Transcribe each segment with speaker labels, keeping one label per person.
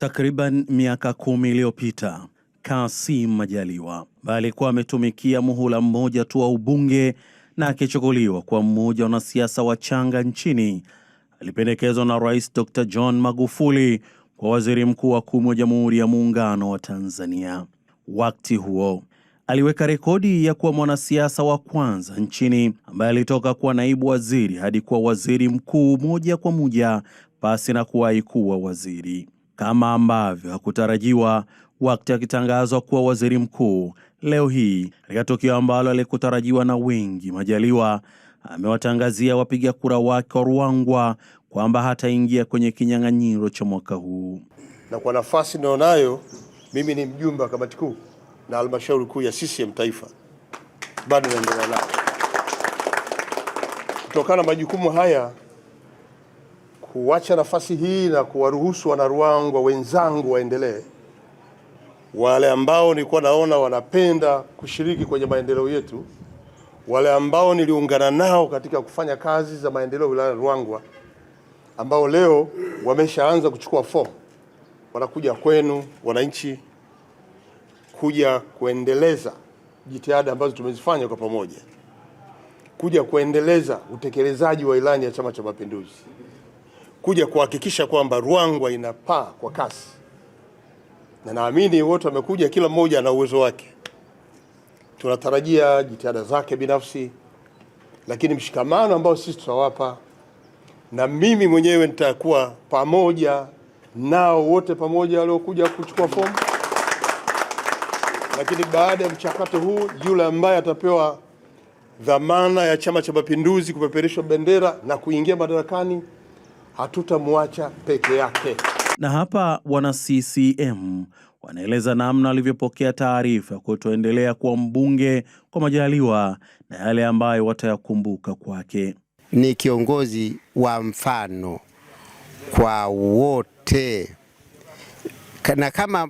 Speaker 1: takriban miaka kumi iliyopita Kassim Majaliwa, ambaye alikuwa ametumikia muhula mmoja tu wa ubunge na akichukuliwa kwa mmoja wanasiasa wachanga nchini, alipendekezwa na Rais Dr. John Magufuli kwa waziri mkuu wa kumi wa Jamhuri ya Muungano wa Tanzania. Wakati huo aliweka rekodi ya kuwa mwanasiasa wa kwanza nchini ambaye alitoka kuwa naibu waziri hadi kuwa waziri mkuu moja kwa moja pasi na kuwahi kuwa waziri kama ambavyo hakutarajiwa wakati akitangazwa kuwa waziri mkuu leo hii, katika tukio ambalo alikutarajiwa na wengi. Majaliwa amewatangazia wapiga kura wake wa Ruangwa kwamba hataingia kwenye kinyang'anyiro cha mwaka huu.
Speaker 2: Na kwa nafasi ninayonayo mimi, ni mjumbe wa kamati kuu na halmashauri kuu ya CCM taifa, bado naendelea nayo kutokana na majukumu haya kuacha nafasi hii na kuwaruhusu wanaruangwa wenzangu waendelee, wale ambao nilikuwa naona wanapenda kushiriki kwenye maendeleo yetu, wale ambao niliungana nao katika kufanya kazi za maendeleo wilaya Ruangwa, ambao leo wameshaanza kuchukua fomu, wanakuja kwenu wananchi, kuja kuendeleza jitihada ambazo tumezifanya kwa pamoja, kuja kuendeleza utekelezaji wa ilani ya Chama cha Mapinduzi kuja kuhakikisha kwamba Ruangwa inapaa kwa kasi, na naamini wote wamekuja, kila mmoja ana uwezo wake. Tunatarajia jitihada zake binafsi, lakini mshikamano ambao sisi tutawapa, na mimi mwenyewe nitakuwa pamoja nao wote, pamoja waliokuja kuchukua fomu lakini baada ya mchakato huu, yule ambaye atapewa dhamana ya Chama cha Mapinduzi kupeperishwa bendera na kuingia madarakani hatutamwacha peke yake.
Speaker 1: Na hapa wana CCM wanaeleza namna walivyopokea taarifa kutoendelea kuwa mbunge kwa Majaliwa na yale ambayo watayakumbuka kwake.
Speaker 3: Ni kiongozi wa mfano kwa wote, na kama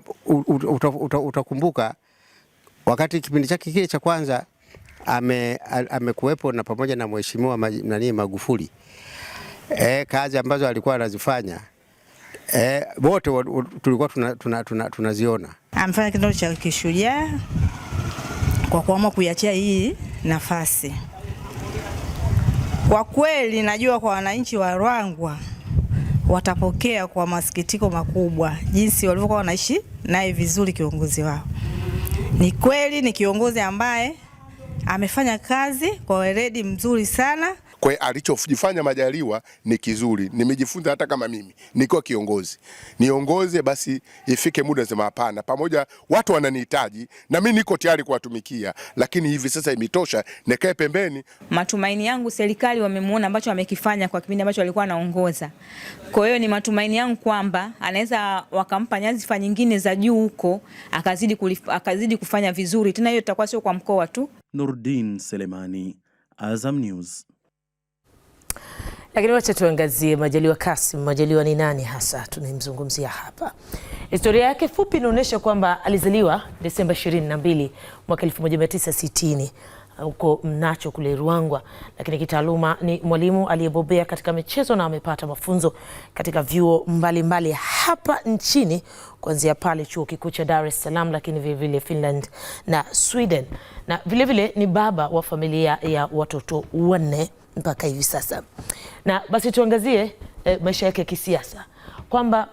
Speaker 3: utakumbuka wakati kipindi chake kile cha kwanza amekuwepo ame na pamoja na mheshimiwa nani Magufuli e, kazi ambazo alikuwa anazifanya e, wote tulikuwa tunaziona tuna, tuna, tuna
Speaker 4: amefanya kitendo cha kishujaa kwa kuamua kuiachia hii nafasi. Kwa kweli najua kwa wananchi wa Ruangwa watapokea kwa masikitiko makubwa jinsi walivyokuwa wanaishi naye vizuri kiongozi wao. Ni kweli ni kiongozi ambaye amefanya kazi kwa weledi mzuri sana.
Speaker 5: Kwa hiyo alichojifanya Majaliwa ni kizuri, nimejifunza hata kama mimi nikiwa kiongozi niongoze, basi ifike muda sema hapana, pamoja watu wananihitaji na mimi niko tayari kuwatumikia, lakini hivi sasa imetosha, nikae pembeni.
Speaker 6: Matumaini yangu serikali wamemuona ambacho amekifanya kwa kipindi ambacho alikuwa anaongoza. Kwa hiyo ni matumaini yangu kwamba anaweza wakampa nyadhifa nyingine za juu huko akazidi, kulif, akazidi kufanya vizuri tena, hiyo itakuwa sio kwa mkoa tu.
Speaker 1: Nurdin Selemani, Azam News.
Speaker 6: Lakini wacha tuangazie Majaliwa Kassim. Majaliwa ni nani hasa tunayemzungumzia hapa? Historia yake fupi inaonyesha kwamba alizaliwa Desemba 22 mwaka 1960 huko Mnacho kule Ruangwa, lakini kitaaluma ni mwalimu aliyebobea katika michezo na amepata mafunzo katika vyuo mbalimbali hapa nchini kuanzia pale chuo kikuu cha Dar es Salaam, lakini vilevile Finland na Sweden, na vilevile vile ni baba wa familia ya watoto wanne mpaka hivi sasa. Na basi tuangazie eh, maisha yake ya kisiasa kwamba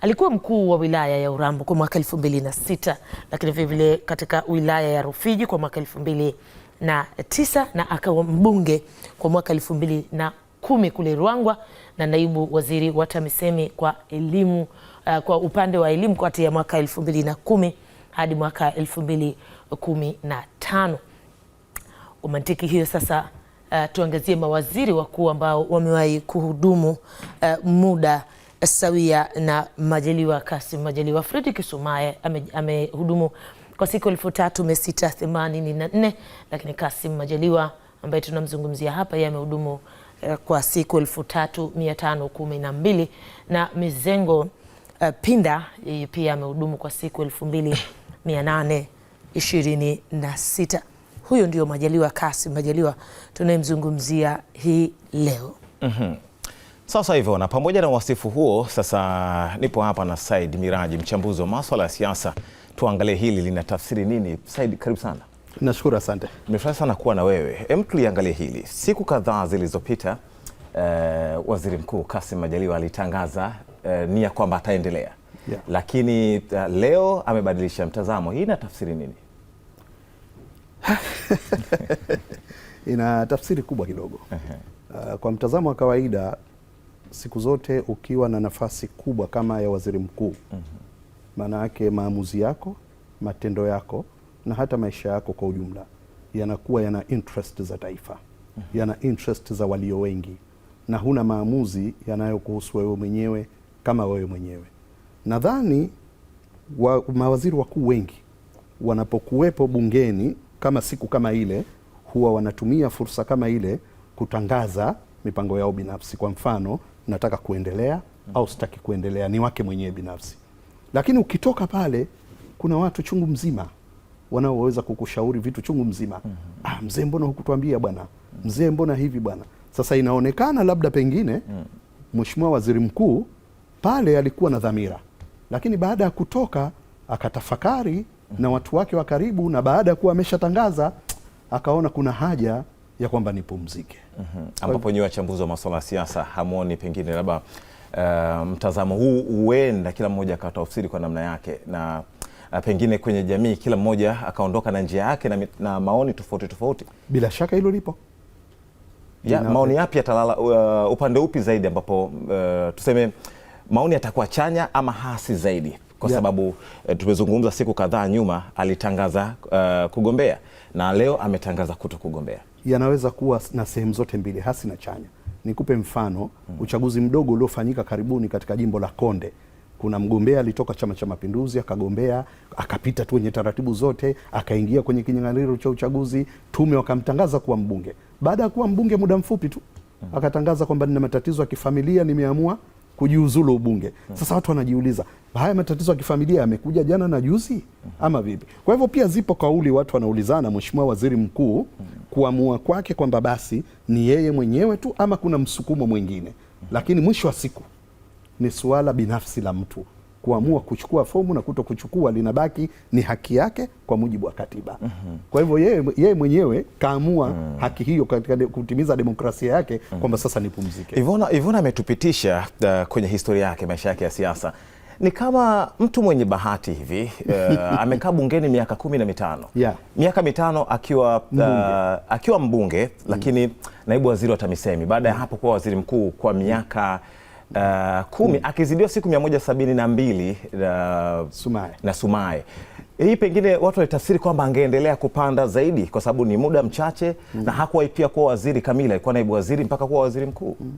Speaker 6: alikuwa mkuu wa wilaya ya Urambo kwa mwaka elfu mbili na sita lakini vilevile katika wilaya ya Rufiji kwa mwaka elfu mbili na tisa na akawa mbunge kwa mwaka elfu mbili na kumi kule Ruangwa na naibu waziri wa TAMISEMI kwa elimu uh, kwa upande wa elimu kati ya mwaka elfu mbili na kumi hadi mwaka elfu mbili kumi na tano. Kwa mantiki hiyo sasa, uh, tuangazie mawaziri wakuu ambao wamewahi kuhudumu uh, muda sawia na Majaliwa Kasim Majaliwa. Fredrick Sumaye amehudumu ame kwa siku elfu tatu mia sita themanini na nne lakini Kasim Majaliwa ambaye tunamzungumzia hapa yeye amehudumu eh, kwa siku elfu tatu mia tano kumi na mbili na Mizengo uh, Pinda yeye pia amehudumu kwa siku elfu mbili mia nane ishirini na sita. Huyo ndio Majaliwa Kasim Majaliwa tunayemzungumzia hii leo
Speaker 7: mm -hmm. Sasa hivyo na pamoja na wasifu huo, sasa nipo hapa na Said Miraji, mchambuzi wa maswala ya siasa tuangalie hili lina tafsiri nini. Said, karibu sana.
Speaker 8: Nashukuru, asante.
Speaker 7: Nimefurahi sana kuwa na wewe. Hem, tuliangalie hili siku kadhaa zilizopita. Uh, Waziri Mkuu Kassim Majaliwa alitangaza uh, nia kwamba ataendelea yeah. Lakini uh, leo amebadilisha mtazamo. Hii ina tafsiri nini?
Speaker 8: Ina tafsiri kubwa kidogo. Uh, kwa mtazamo wa kawaida siku zote ukiwa na nafasi kubwa kama ya waziri mkuu uh mhm. -huh maana yake maamuzi yako, matendo yako na hata maisha yako kwa ujumla yanakuwa yana interest za taifa, mhm. yana interest za walio wengi, na huna maamuzi yanayokuhusu wewe mwenyewe kama wewe mwenyewe. Nadhani wa, mawaziri wakuu wengi wanapokuwepo bungeni kama siku kama ile, huwa wanatumia fursa kama ile kutangaza mipango yao binafsi. Kwa mfano, nataka kuendelea au sitaki kuendelea, ni wake mwenyewe binafsi. Lakini ukitoka pale kuna watu chungu mzima wanaoweza kukushauri vitu chungu mzima. mm -hmm. Ah, mzee mbona hukutuambia bwana? Mzee mbona hivi bwana? Sasa inaonekana labda pengine mm. -hmm. Waziri Mkuu pale alikuwa na dhamira, lakini baada ya kutoka akatafakari mm -hmm. na watu wake wa karibu, na baada ya kuwa ameshatangaza akaona kuna haja ya kwamba nipumzike. mm
Speaker 7: -hmm. ambapo nyiwe wachambuzi wa masuala ya siasa hamwoni pengine labda Eh, mtazamo huu huenda kila mmoja akatafsiri kwa namna yake na uh, pengine kwenye jamii kila mmoja akaondoka na njia yake na, na maoni tofauti tofauti.
Speaker 8: Bila shaka hilo lipo
Speaker 7: ya, maoni yapi yatalala uh, upande upi zaidi ambapo uh, tuseme maoni yatakuwa chanya ama hasi zaidi kwa yeah, sababu uh, tumezungumza siku kadhaa nyuma alitangaza uh, kugombea na leo ametangaza kuto kugombea.
Speaker 8: Yanaweza kuwa na sehemu zote mbili, hasi na chanya. Nikupe mfano hmm. uchaguzi mdogo uliofanyika karibuni katika jimbo la Konde. Kuna mgombea alitoka Chama cha Mapinduzi akagombea akapita tu wenye taratibu zote, akaingia kwenye kinyang'anyiro cha uchaguzi, tume wakamtangaza kuwa mbunge. Baada ya kuwa mbunge, muda mfupi tu hmm. akatangaza kwamba nina matatizo ya kifamilia, nimeamua kujiuzulu ubunge. Sasa watu wanajiuliza haya matatizo ya kifamilia yamekuja jana na juzi ama vipi? Kwa hivyo pia zipo kauli watu wanaulizana, Mheshimiwa Waziri Mkuu kuamua kwake kwamba basi ni yeye mwenyewe tu ama kuna msukumo mwingine, lakini mwisho wa siku ni suala binafsi la mtu kuamua kuchukua fomu na kuto kuchukua linabaki ni haki yake kwa mujibu wa katiba. mm -hmm. Kwa hivyo yeye, ye mwenyewe kaamua mm -hmm. haki hiyo katika kutimiza demokrasia yake mm -hmm. kwamba sasa nipumzike.
Speaker 7: Ivona, Ivona ametupitisha uh, kwenye historia yake, maisha yake ya siasa ni kama mtu mwenye bahati hivi uh, amekaa bungeni miaka kumi na mitano yeah. miaka mitano akiwa, uh, mbunge. akiwa mbunge lakini mm. naibu waziri wa TAMISEMI baada ya mm. hapo kuwa waziri mkuu kwa miaka mm uh, kumi mm. akizidiwa siku mia moja sabini na mbili na uh, Sumaye. na Sumaye hii pengine watu walitafsiri kwamba angeendelea kupanda zaidi kwa sababu ni muda mchache mm. na hakuwahi pia kuwa waziri kamili, alikuwa naibu waziri mpaka kuwa waziri mkuu mm.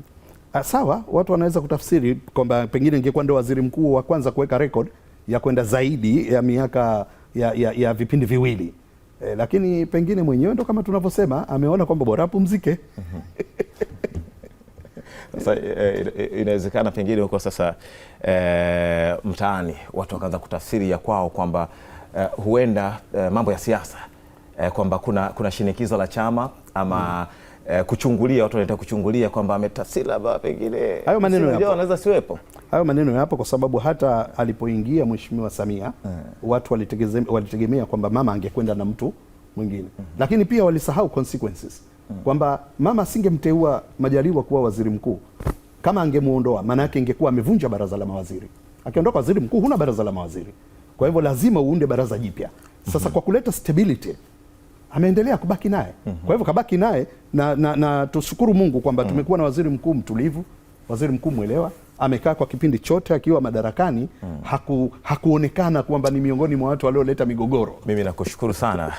Speaker 8: Ah, sawa, watu wanaweza kutafsiri kwamba pengine ingekuwa ndio waziri mkuu wa kwanza kuweka rekodi ya kwenda zaidi ya miaka ya, ya, ya vipindi viwili e, lakini pengine mwenyewe ndo kama tunavyosema ameona kwamba bora apumzike. Mhm.
Speaker 7: Sasa eh, eh, inawezekana pengine huko sasa eh, mtaani watu wakaanza kutafsiri ya kwao kwamba eh, huenda eh, mambo ya siasa eh, kwamba kuna, kuna shinikizo la chama ama hmm. Eh, kuchungulia watu wanaita kuchungulia kwamba ametafsiri labda pengine
Speaker 8: hayo maneno yapo, anaweza siwepo hayo maneno yapo, kwa sababu hata alipoingia Mheshimiwa Samia hmm. watu walitegemea kwamba mama angekwenda na mtu mwingine hmm. lakini pia walisahau consequences Mm. kwamba mama asingemteua Majaliwa kuwa waziri mkuu kama angemuondoa, maana yake ingekuwa amevunja baraza la mawaziri. Akiondoka waziri mkuu, huna baraza la mawaziri, kwa hivyo lazima uunde baraza jipya. Sasa mm-hmm. kwa kuleta stability ameendelea kubaki naye, mm-hmm. kwa hivyo kabaki naye na, na, na tushukuru Mungu kwamba mm. tumekuwa na waziri mkuu mtulivu, waziri mkuu mwelewa amekaa kwa kipindi chote akiwa madarakani hmm. Haku, hakuonekana kwamba ni miongoni mwa watu walioleta migogoro.
Speaker 7: Mimi nakushukuru sana